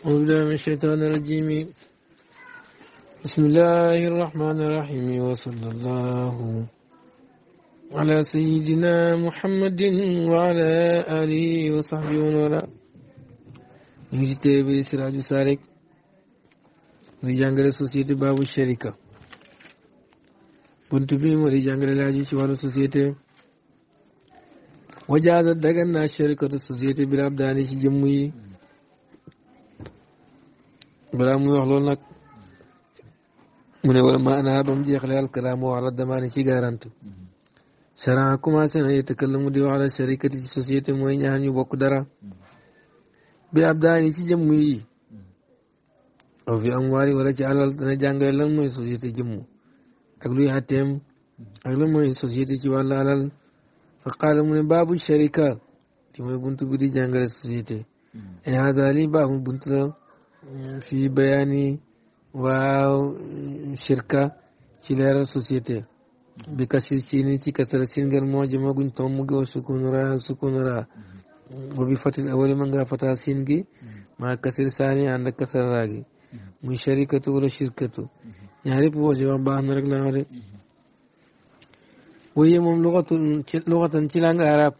أعوذ من الشيطان الرجيم بسم الله الرحمن الرحيم وصلى الله على سيدنا محمد وعلى آله وصحبه ومن والاه تيبي سراج سارك في جانجل سوسيتي باب الشركة كنت بي مري جانجل لاجي شوار سوسيتي وجازت دغنا شركة سوسيتي برابداني شجموي balaa muy wax loolu nag mu ne wala ma anaa ba mu jeexle alkalaam wax la damaa ne ci garante charan commencé na yetakallamu di wax la sharikati ci société mooy ñaar ñu bokk dara bi ab daani ci jëmm yi aw fi amwaari wala ci alal dana jàngale lan mooy société jëmm ak luy xatteem ak lan mooy société ci wàllu alal fa qaala mu ne baabu sharika li mooy buntu bi di jàngale société in haza li baabu buntu la Euh, fii bayaani waaw euh, shirka ci leeral société bi kasi siini ci kasara siin ngeen moo jëma guñ tomb gi wa sukun ra sukun bi fatil awali ma nga fata siin gi maa kasir saani ànd kasara raa gi sharikatu wala baax na rek laa de waaye moom luxatun ci luxatan ci langue arab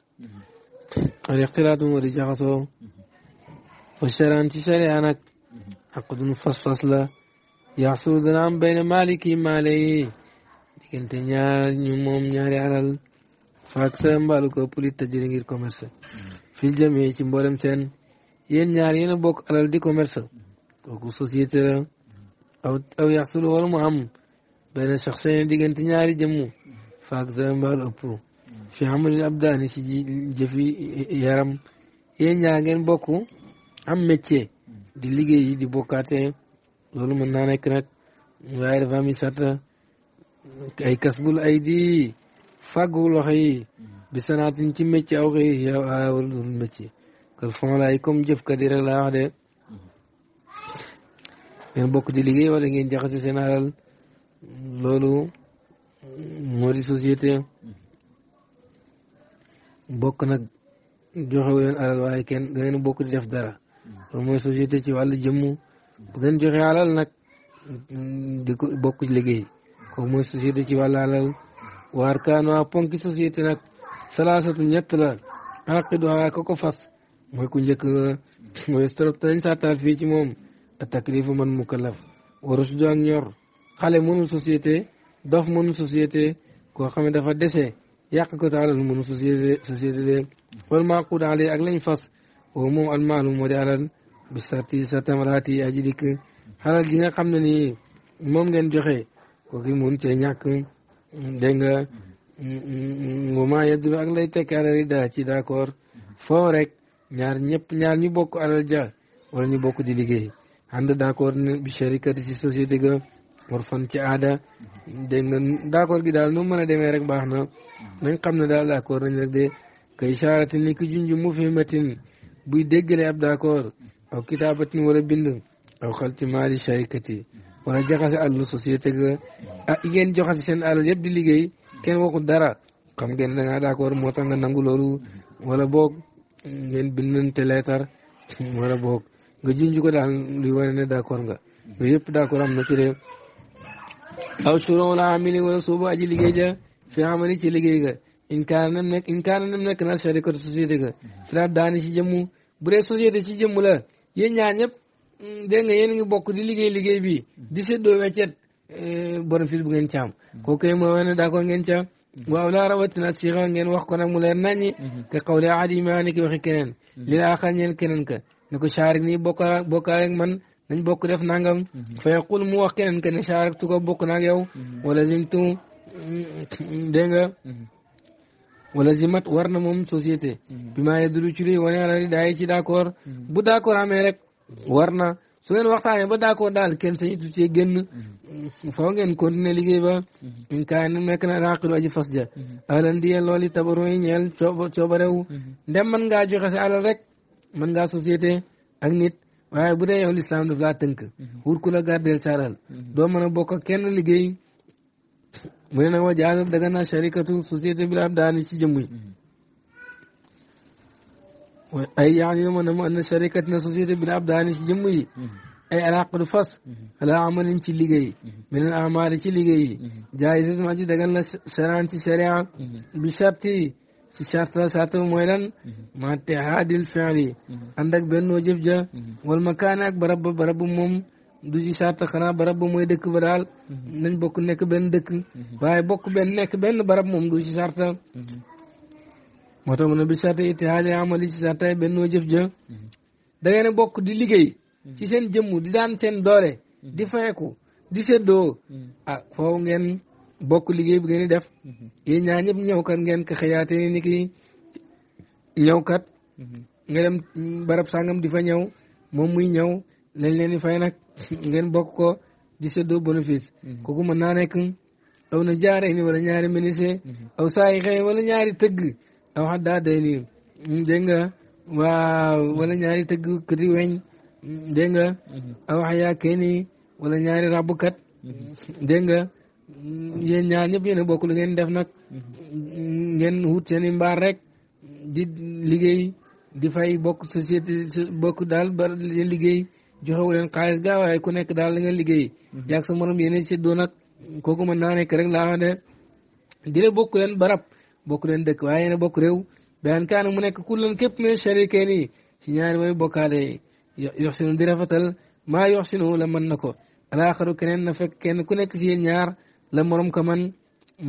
al ixtilaatu moo di jaxasoo wa charan ci charia حقد مفصصلة يحصل ذنام بين مالكي مالي لكن تنيا نموم نياري عرال فاكسا مبالوكا بولي تجرينجير كوميرس في الجميع تنبولم تن ين نياري نبوك عرال دي كوميرس وكو سوسيتر أو, يحصل هو المهم بين الشخصين دي كنت نياري جمو فاكسا مبالوكا في عمل الأبدان سيجي جفي يرم ين نياري نبوكو عم ميتشي di liggéey di bokkaate loolu mën naa nekk nag waaye dafa am i ay kasbul ay di fàggu loxo yi bi ci métier aw xëy yow a wala dul kal fon laay comme jëfkat yi rek wax de ngeen bokk di liggéey wala ngeen jaxase seen waaye kenn da ngeen dara loolu mooy société ci wàllu jëmm bu ngeen joxe alal nag di liggéey kooku mooy société ci wàllu alal waar kaanwaa ponki société nag salaasatu ñett la aqiduha ko ko fas mooy ku njëkk mooy strop nañ saatal fii ci moom a taklifu man mukallaf warus du ak ñor xale mënu société dof mënu société koo xam ne dafa dese yàq ko taalal mënu société société de wal maaquud ale ak lañ fas woo moom almaalu moo di alal bi sarti sa tamaraati aji dikk xalal ji nga xam ne nii moom ngeen joxe kooku mun cee ñàkk dégg nga moment yeddu ak lay tekki alal yi daa ci d'accord rek ñaar ñëpp ñaar ñu bokk alal ja wala ñu bokk di liggéey ànd d'accord bi sharikati ci société ga war fan ci aada dégg nga gi daal nu a demee rek baax na nañ xam ne daal d'accord nañ rek de kay saarati ni ki junj mu fi metin buy déggale ab d'accord aw kitaabatin wala bind aw xalti maali sharikati wala jaxase àllu société ga ah yi ngeen joxase seen alal yëpp di liggéey kenn waxu dara xam ngeen da ngaa d'accord moo tax nga nangu loolu wala boog ngeen bindante leetar wala boog nga junj ko daal luy wane ne d'accord nga yooyu yëpp d'accord am na ci de aw suron wala amili wala suubu aji liggéey ja fi amali ci liggéey ga in kaana nam nekk in kaana nam nekk na sharikatu société ga fi daal daani ci jëmmu bu dee société ci jëmmu la yéen ñaar ñëpp mm, dégg a ngi bokk di liggéey liggéey bii mm. di séddoo weccet eh, bénéfice bu ngeen ci am mm. kooku yi moo ne d'accord ngeen ci am waaw laa rawatina sixa ngeen wax ko nag mu leer naññi mm-hmm. ka xawle ahadima ni ki waxi keneen li la axar ñeen keneen ka ne ko chaarik nii bokka bokkaale ak mu wax ka ne chaarik tu ko bokk naag yow mm-hmm. wala zimtu dégg wala zimat war na moom société mm-hmm. bi maa yedulu ci luy wane la ni daay ci d'accord mm-hmm. bu d'accord amee rek war na su ngeen waxtaanee ba d'accord daal kenn sañu tu cee génn mm-hmm. foo ngeen continuer liggéey ba in kaa ne na raqilu aji fas ja alan diyeen i tabaru yi ñeel coobarew ndem mën ngaa joxe sa alal rek man ngaa société ak nit waaye bu dee yow lislaam daf laa tënk wur ku la gardeel sa alal doo mën a bokk liggéey mu ne nag waa jaazat daga naa sharikatu société bi la ab ci jëmm yi ay yaa ngi ma ne ma ne sharikat na société bi ab daani ci jëmm yi ay alaq du fas ala amalin ci liggéey min al amaari ci liggéey jaayisatun aji dagan la saraan ci sharia bi sharti ci sarta sarta mooy lan ma tehaadil wal makaan ak barab ba du ci sarta xanaa barab ba mooy dëkk ba daal mhm. nañ bokk nekk benn dëkk mhm. waaye bokk benn nekk benn barab moom du ci sarta mhm. moo tax mu ne bi sarta itihaadi amali ci sarta bennoo jëf ja da bokk di liggéey ci seen jëmmu di daan seen doole di fayeku di séddoo ah ngeen bokk liggéey bu ngeen di def yéen ñaa ñëpp ñëwkat ngeen ko xëyaate ni ni ki ñëwkat nga dem barab sàngam di fa ñëw moom muy ñëw lañ leen di fay nag ngeen bokk ko di séddoo bénéfice mhm. kooku mën naa nekk aw na jaaree ni wala ñaari ministre mhm. aw saa yi xëy wala ñaari tëgg aw xat daa day nii mm, waaw wala ñaari tëgg këti weñ mm, dégg nga mhm. aw xayaa kay nii ñaari rabbukat dégg nga mm, yéen ñëpp yéen a bokk lu ngeen def nag ngeen wut seen i rek di liggéey di fay bokk société bokk daal ba liggéey joxewu leen xaalis gaa waaye ku nekk daal la ngeen liggéey mhm. yaag sa morom yéen si doon ak kooku mën naa nekk rek laa ne di la bokk leen barab bokk leen dëkk waaye yéen a bokk réew beneen kaa nag mu nekk ku leen képp min sharikeen yi si ñaari way bokkaale yox sinu di rafetal maa yox sinu la mën na ko alaaxaru keneen na fekk kenn ku nekk si yéen ñaar la morom ka man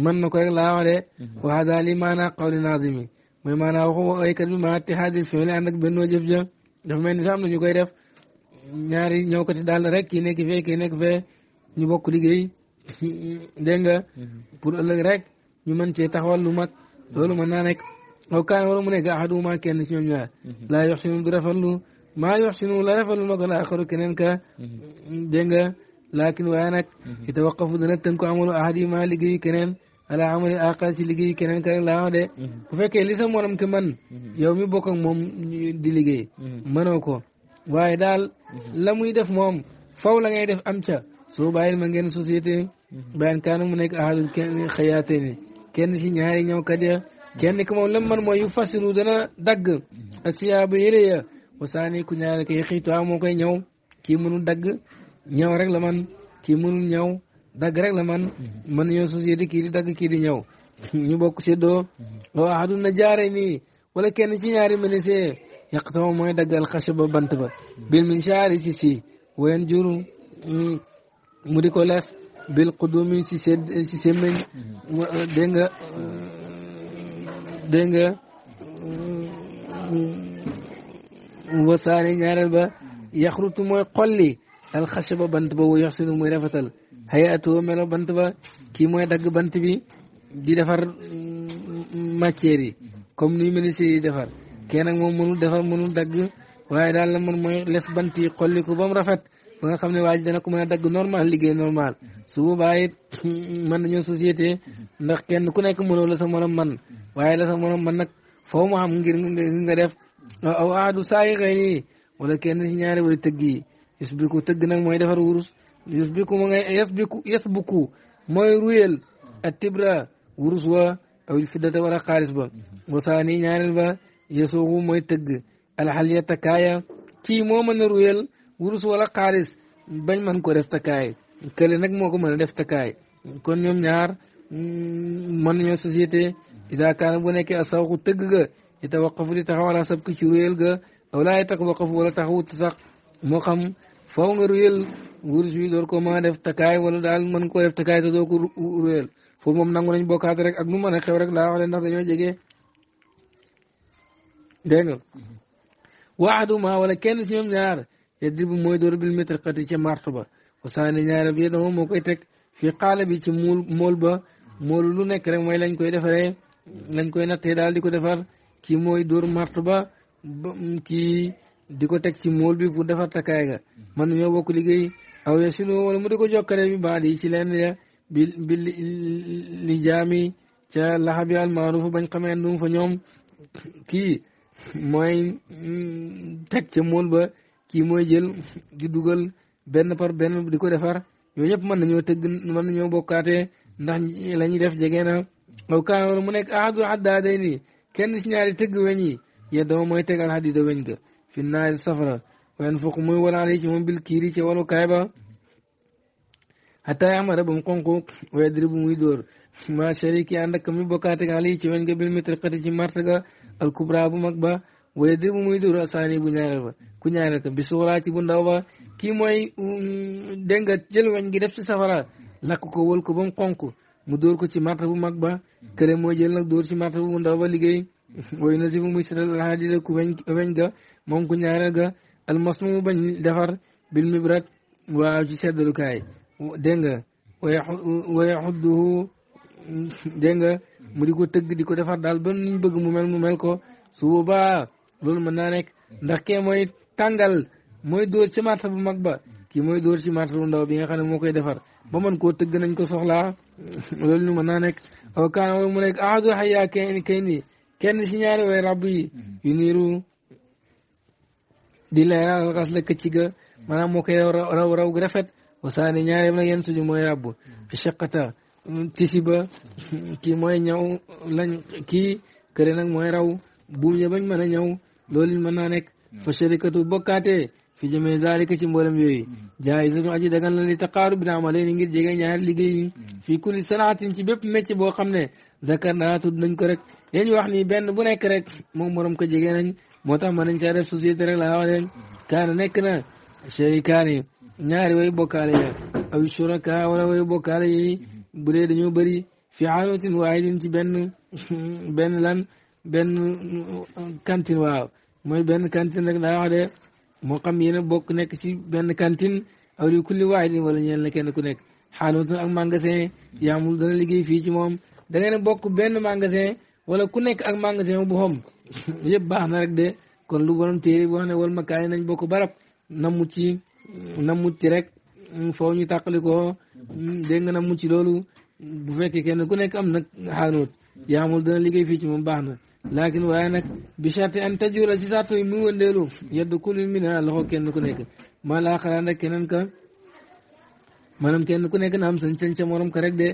mën na ko rek laa wax de mhm. wa hada li maanaa qawli naazimi mooy maanaa waxu waykat bi maa ittihaadil fi'li ànd ak bennoo jëf ja dafa mel ni sax am na ñu koy def ñaari ñoo ko ci daal rek kii nekk fee kii nekk fee ñu bokk liggéey dégg nga mhm. pour ëllëg rek ñu mën cee taxawal lu mat loolu mën naa nekk aw kaan wala mu nekk axaduma kenn ci ñoom ñaar mhm. laa yox sinu du rafetlu maa yox la rafetlu na ko la axaru keneen ka mhm. dégg nga laakin waaye nag itawaqafu dana tënku amalu ahad yi maa liggéeyu keneen ala amali aqal ci keneen ka rek laa fekkee li sa ke man yow mi moom di liggéey mënoo waaye daal mhm. la muy def moom faw la ngay def am ca soo bàyyil ma ngeen société mhm. bayan kaana mu nekk ahadul kenn xëyaate ni kenn ci ñaari ñëwkat ya mhm. kenn ki moom lam man mooy yu fasiru dana dagg asiya ba yëre ya wasaani ku ñaareel kay xiituwaa moo koy ñëw kii mënul dagg ñaw rek la man kii mënul ñaw dagg rek la man mën ñëw société kii dagg kii di ñëw ñu bokk séddoo wa ahadul na jaare nii wala kenn ci ñaari menisee يقطعوا ما يدق الخشب بنتبه بالمنشار سيسي وين جرو مريكولاس بالقدوم سيسد سيسمن دينغ دينغ وصاري نعرف يخرط ما يقول لي الخشب بنتبه ويحسن ما يرفتل هيئته ما بنتبه كي ما يدق بنتبه دي دفر ماتيري كم نيمني سيدي دفر kenn nag moom mënul defar mënul dagg waaye daal la mën mooy les bant yi xolli ko ba mu rafet ba nga xam ne waa ji dana ko mën a dagg normal liggéey normal su boobaa man mën nañoo société ndax kenn ku nekk mënoo la sa morom man waaye la sa man nag foo mu xam ngir nga def aw aadu saa yi wala kenn si ñaari way tëgg yi yus bi tëgg nag mooy defar wurus yus ma ngay yes bi bu ku mooy ruyel ak tibra wurus wa aw fidata wala xaalis ba wasaani ñaareel ba yesooxu mooy tëgg alxaliya takkaaya ci moo mën a ruyal wurus wala xaalis bañ mën ko def takkaay kële nag moo ko mën a def takkaay kon ñoom ñaar mm, mën nañoo société ida kaana bu nekkee a sawxu tëgg ga ita waqafu di taxaw ala sabki ci ruyal ga awlaay tax waqafu wala taxawut sax moo xam faw nga ruyal wurus wi door ko mën def takkaay wala daal mën ko def takkaay te doo ko ruyal nañ bokkaat rek ak nu mën a xew rek laa wax leen ndax dañoo jege dégg nga mhm. waaduma wala kenn si ñoom ñaar yadribu mooy dóor bil mitraqati ca martu ba wasaani ñaare bi dama moo koy teg fii xaala bi ci muul mool ba moolu lu nekk rek mooy lañ koy defaree lañ koy nattee daal di ko defar kii mooy door martu ba kii di ko teg ci mool bi pour defar takkaay ga mhm. man ñoo bokk liggéey aw ya wala mu di ko jokkale bi baad yi ci lenn ya bi bi li jaami ca laxab yi almaarufa bañ xamee ndum fa ñoom kii mooy mm, teg ca mool ba kii mooy jël di dugal benn par benn di ko defar ñoo ñëpp mën nañoo tëgg mën nañoo bokkaate ndax la ñuy def jege na aw kaan wala mu nekk ahadul addaa day nii kenn si ñaari tëgg weñ yi yeddama mooy tegal xadida weñ ga fi naari safara wen fokk muy walaale ci moom bil kiiri ci walu kaay ba xataa yaxmara ba mu xonq wedri bu muy dóor ma shariki ànd ak mi bokkaate ga ali ci weñ ga bil mitriqati ci mart ga al kubra bu mag ba waaye de bu muy dóor asaani bu ñaareel ba ku ñaareel ka bi suuraa ci bu ndaw ba kii mooy um, dégg nga jël weñ gi def ci safara lakk ko wal ko ba mu xonk mu dóor ko ci marta bu mag ba kële mooy jël nag dóor ci marta bu ndaw ba liggéey wooyu na si bu muy setal alhadida ku weñ weñ ga moom ku ñaareel ga almasmu bañ defar bil mibrat waaw ci seddalukaay dégg nga way way xudduhu dégg nga mu di ko tëgg di ko defar daal ban ñu bëgg mu mel mu mel ko su boobaa loolu mën naa nekk ndax kee mooy tàngal mooy dóor ci marta bu mag ba kii mooy dóor ci marta bu ndaw bi nga xam ne moo koy defar ba mën koo tëgg nañ ko soxla loolu ñu mën naa nekk aw kaan wala mu nekk ahadu xayaa kenn kenn kenn si ñaari way ràbb yi mm-hmm. yu niiru di leeral xas la këcc ga maanaam moo koy raw raw gu rafet wasaani ñaari nag yenn suñu mooy ràbb chaqata mm-hmm. tisi ba kii mooy ñaw lañ kii këre nag mooy raw buum ya bañ mën a ñaw loolu mën naa nekk hmm. fa sharikatu bokkaatee fi jëmee zalika ci mboolem yooyu hmm. jaayisatu aji dagan la li taqaaru bi daama leen ngir jege ñaari liggéey yi hmm. fii kulli sanaatin ci bépp métier boo xam ne zakar naa tudd nañ ko rek wax nii benn bu nekk rek moom morom ko jege nañ moo tax mën nañ caa def société kaana nekk na sharikaani ñaari way bokkaale ya aw shuraka wala way bokkaale yi bu dee dañoo bëri fi xaayotin waahidin ci benn benn lan benn cantine waaw mooy benn cantine rek daa wax de moo xam yéen a bokk nekk ci benn cantine aw li kulli waahidin wala ñeen la kenn ku nekk xaanootin ak magasin yamul dana liggéey fii ci moom da ngeen bokk benn magasin wala ku nekk ak magasin bu xom yëpp baax na rek de kon lu borom téere bi wax ne makaani nañ bokk barab namut ci namut ci rek Mm, foo ñu tàqalikoo mm, dégg nga nag mucc loolu bu fekkee kenn ku nekk am nag xaanoot yaamul dana liggéey fii ci moom baax na laakin waaye nag bi charte an tajura si sartu yi muy wëndeelu yedd kulli mina loxo kenn ku nekk maa laa xalaat nag keneen ka maanaam kenn ku nekk na am sañ-sañ sa morom ko de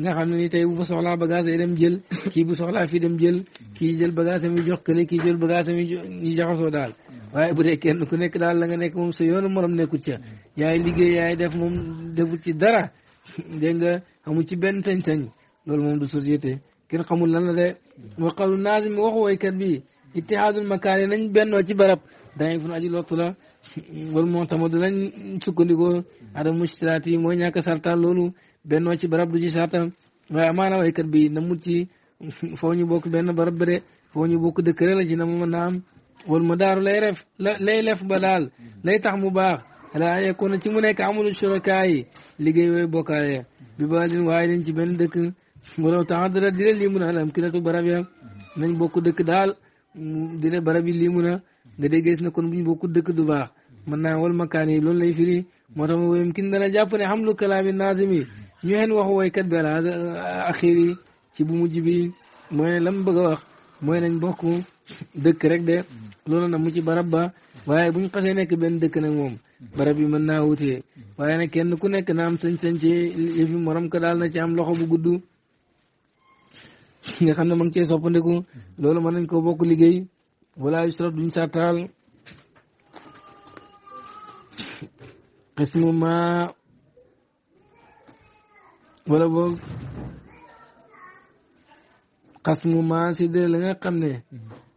nga xam ne ni tey bu fa soxlaa bagage yi dem jël kii bu soxlaa fii dem jël kii jël bagage yi jox kële kii jël bagage yi ñu jaxasoo daal waaye bu dee kenn ku nekk daal la nga nekk moom sa yoonu morom nekkut ca yaay liggéey yaay def moom defu ci dara dégg nga amu ci benn sañ-sañ loolu moom du société kenn xamul lan la de waqalu naazim waxu woykat bi ittihaadul makaani nañ bennoo ci barab daañu fu aji lottu la wal moo tamadu lañ sukkandikoo adam mushtilaat yi mooy ñàkk sartal loolu bennoo ci barab du ci sarta waaye amaana waykat bi na mut ci foo ñu bokk benn barab bi de foo ñu bokk dëkkëre la ci na mu mën naa am wal ma daaru lay ref lay ba daal lay tax mu baax ala yekoona ci mu nekk amulu shuraka yi liggéey yooyu bokkaale bi ba din waaye dañ ci benn dëkk wala taadara di la lii a alam kinatu barab ya nañ bokk dëkk daal di la barab yi lii mun a nga déggees na kon buñ bokk dëkk du baax mën naa wal makaan yi loolu lay firi moo tax ma wéyum kin dana jàpp ne xam lu kalaami naazim yi ñu xeen waxu woykat bi ala axir yi ci bu mujj bi mooy ne lam bëgg a wax mooy nañ bokk dëkk rek de loolu na mu ci barab ba waaye bu ñu xasee nekk benn dëkk nag moom barab yi mën naa wutee waaye nag kenn ku nekk na am sañ-sañ ci morom ko daal na ci am loxo bu gudd nga xam ne ma ngi cee loolu mën nañ koo bokk liggéey wala yusrat ismu ma wala boog xasmu ma si dee nga xam ne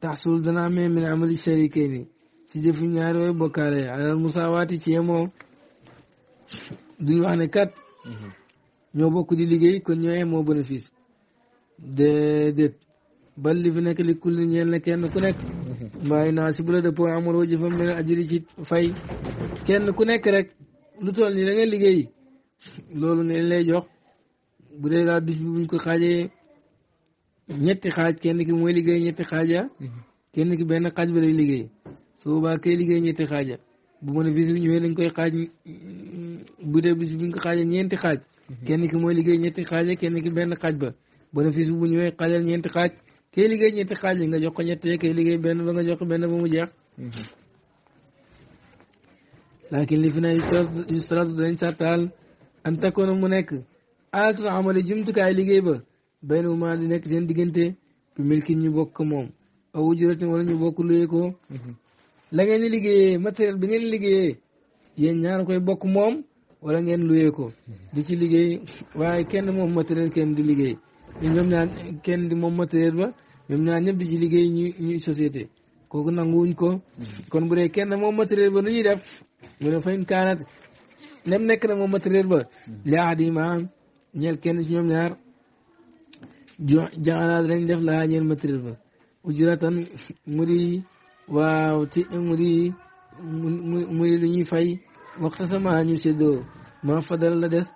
taxsul dana amee min amali sharikay ni si jëfu ñaari way bokkaale alal musaawaati ci yemoo duñu kat ñoo bokk di liggéey kon yemoo bénéfice déedéet bal li fi nekk li kulli ñeel na kenn ku nekk naa si bu la dëppoo amuloo jëfam min ajiri ci fay kenn ku rek lu toll nii da nga liggéey loolu ne lay jox bu dee daal bis bi buñ ko xaajee ñetti xaaj kenn ki mooy liggéey ñetti xaaja ki benn xaaj ba lay liggéey su liggéey ñetti xaaja bu bénéfice bi ñëwee dañ koy xaaj bu dee bis bi buñ ko xaajee ñeenti xaaj kenn ki mooy liggéey ñetti xaaja kenn ki benn xaaj ba bénéfice bu ñëwee xaajal ñeenti xaaj kay liggéey ñetti xaaj nga jox ko ñetti kay liggéey benn ba nga jox ko benn ba mu jeex laakin li fi ne yustratu dañ sartaal an takkoona mu nekk alatul amali jumtukaay liggéey ba baynahuma di nekk seen diggante bi milkin ñu bokk moom aw ujratin wala ñu bokk luyee ko la ngeen di liggéeyee bi ngeen liggéeyee yéen ñaar koy bokk moom wala ngeen luyee ko di ci liggéey waaye kenn moom matériel kenn di liggéey ñoom ñaar kenn di moom matériel ba ñoom ñaar ñëpp di ci liggéey ñu ñuy kooku nanguwuñ ko mm. kon bu dee kenn moom matériel ba nu ñuy def mu ne fayn kaanat nem nekk na moom matériel ba mm. li ahadi ma ñeel kenn ci ñoom ñaar jaxalaat lañ def laa ñeel matériel ba ujratan mu di waaw ci mu di mu di lu ñuy fay waxta sama ñu séddoo ma fadal la des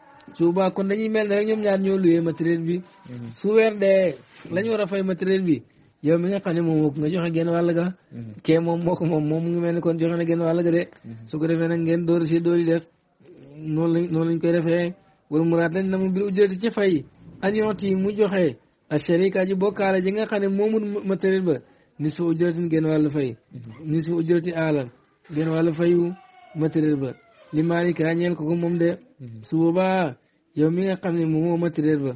kon dañuy mel ne rek ñoom ñaar ñoo luyee bi mm-hmm. su dee lañu war a fay bi yow mi nga xam ne moom woo nga joxe genn wàll ga. Mhm. kee moom moo ko moom moom mu ngi mel ni kon joxe na genn wàll ga de. Mhm. su ko defee nag ngeen door si doori des noonu lañ noonu lañ koy defee wala muraat lañ na mu bir ujjati ci fay an yoot yi mu joxe a sharika ji bokkaale ji nga xam ne moomul matériel ba ni su ujratin genn wàllu fay mhm. ni su ujrati alal genn wàllu fayu matériel ba li maalika ñeel ko ko moom de su boobaa yow mi nga xam ne moom moo matériel ba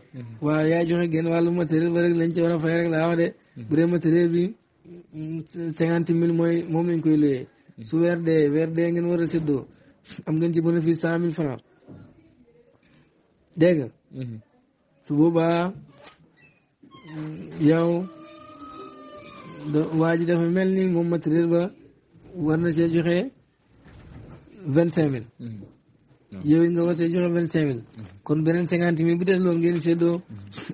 waaw yaa joxe genn wàllu matériel ba rek lañ ci war a fay rek laa wax de bu dee matériel bi cinquante mille mooy moom lañ koy luyee su weer dee weer dee war a séddoo am ngeen ci bénéfice cent mille franc dégg nga mhm. su boobaa mm, yow waa ji dafa mel ni moom matériel ba war na see joxe vingt cinq mille mhm. yow it nga war see joxe vingt cinq mille mhm. kon beneen cinquante mille bu def loolu ngeen séddoo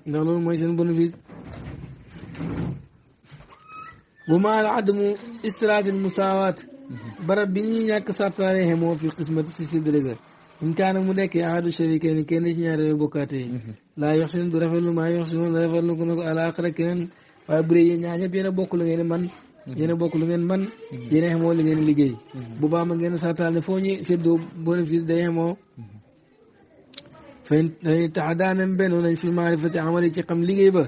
ndax loolu mooy seen bénéfice wa maa al adamu istiraat al musaawaat barab bi ñuy ñàkk sartaale xemoo fi xismati si séddale ga in kaana mu nekk ahadu sharikayni kenn ci ñaar yooyu bokkaate yi laa yox sin du rafetlu maa yox sinoon rafetlu ko ne ko alaaxira waaye bu dee yéen ñaar ñëpp yéen bokk lu ngeen man yéen a bokk lu man yéen liggéey bu baax ma ngeen sartaal ne foo ñu séddoo bénéfice day xemoo fa taxadaanam benn nañ fi maarifati amali ci xam liggéey ba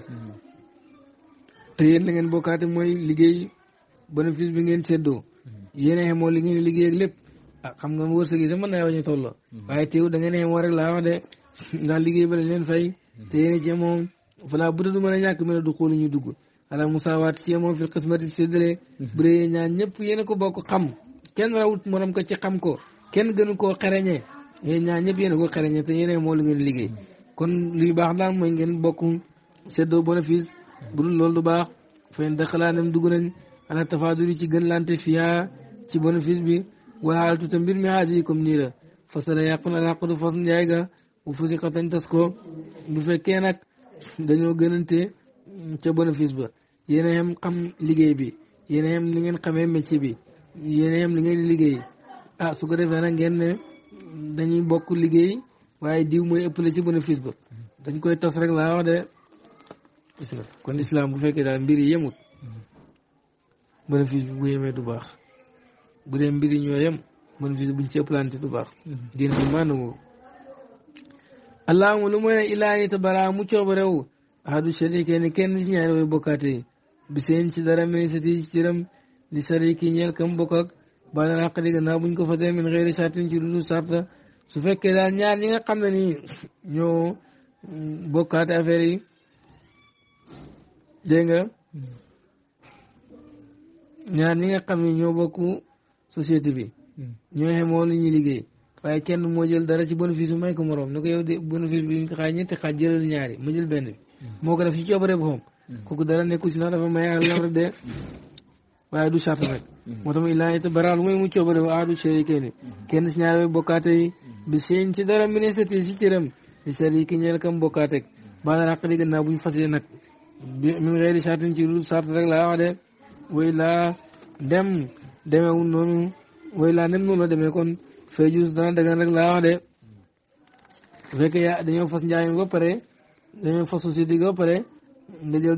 te yéen ngeen bokkaate mooy liggéey bénéfice bi ngeen séddoo yéen a xamoo li ngeen liggéey ak lépp ah xam nga wërsëg yi sax mën naa wañu tolloo waaye teew da ngeen a xamoo rek laa wax de ndax liggéey ba leen fay te yéen a ci moom voilà bu a ñàkk mën a du xool ñu dugg ala musaawaat ci moom fi xismati séddale bu dee ñaan a ko bokk xam kenn rawut morom ko ci xam ko kenn gënu koo xereñee yéen ñaan ñëpp yéen ko xereñee te yéen a xamoo li ngeen liggéey kon luy baax daal mooy ngeen bokk séddoo bénéfice bu dul loolu du baax fa in daxalaa nem dugg nañ ala tafaaduli ci gën lante fiyaa ci bénéfice bi waxaaltu te mbir mi xaaj yi comme nii la fasala yàqu na làqdu fas njaay ga bu fusi xatañ tas ko bu fekkee nag dañoo gënante ca bénéfice ba yéen a xam liggéey bi yéen a yem li ngeen xamee métier bi yéen a yem li liggéey ah su ko defee nag ngeen ne dañuy bokk liggéey waaye diw mooy ëppale ci bénéfice ba dañ koy tas rek laa wax de gis nga kon islam bu fekkee daal mbir yi yemut mm-hmm. bénéfice bi bu yemee du baax bu dee mbir yi ñoo yem bénéfice buñ ci ëpplante du baax. Mm-hmm. diine bi maanaam allahuma lu mooy ilaani tabara mu coobare wu ahadu sharike ni kenn ci ñaari way bokkaate bi seen ci dara mais sati ci cëram li shariki ñeel kam bokk ak baadal xaq di gannaaw buñ ko fasee min xeeri saatin ci dudu sarta su fekkee daal ñaar ñi nga xam ne nii ñoo bokkaate affaire yi dégg nga ñaar ñi nga xam ne ñoo bokku société bi ñoo xemoo lu ñuy liggéey waaye kenn moo jël dara ci bénéfice bi may ko moroom ne ko yow de bénéfice bi ñu ko xaaj ñetti xaaj jëlal ñaari ma bi moo ko def ci coobare boppam kooku dara nekku si ndax du charte nag moo tax illaa it baraal mu coobare ba aadu ah, chérikee ni kenn si ñaari way bokkaate bi seen ci dara ministre si cëram si chériki ñeel kam bokkaateg baadal àq di gannaaw bu ñu fasee nag min xeeri sartin ci lu sart rek laa wax de way laa dem demeewul noonu way laa la demee kon fee jus dana dagan rek laa wax de bu fekkee yaa dañoo fas njaay mi ba pare dañoo fasu si digg ba pare nga jël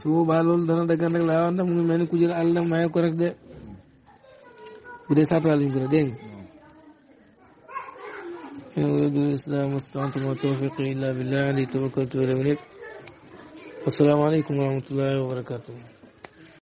su boobaa dana dagan rek laa wax ndax mu ngi mel ni ku jël àll maye ko rek de bu dee sartal lañ ko de dégg nga in uriidu al-islaah mastata'tu wa maa tawfiiqii illaa billaah alayhi tawakkaltu wa asalaamaaleykum wa rahmatullahi wa barakatuh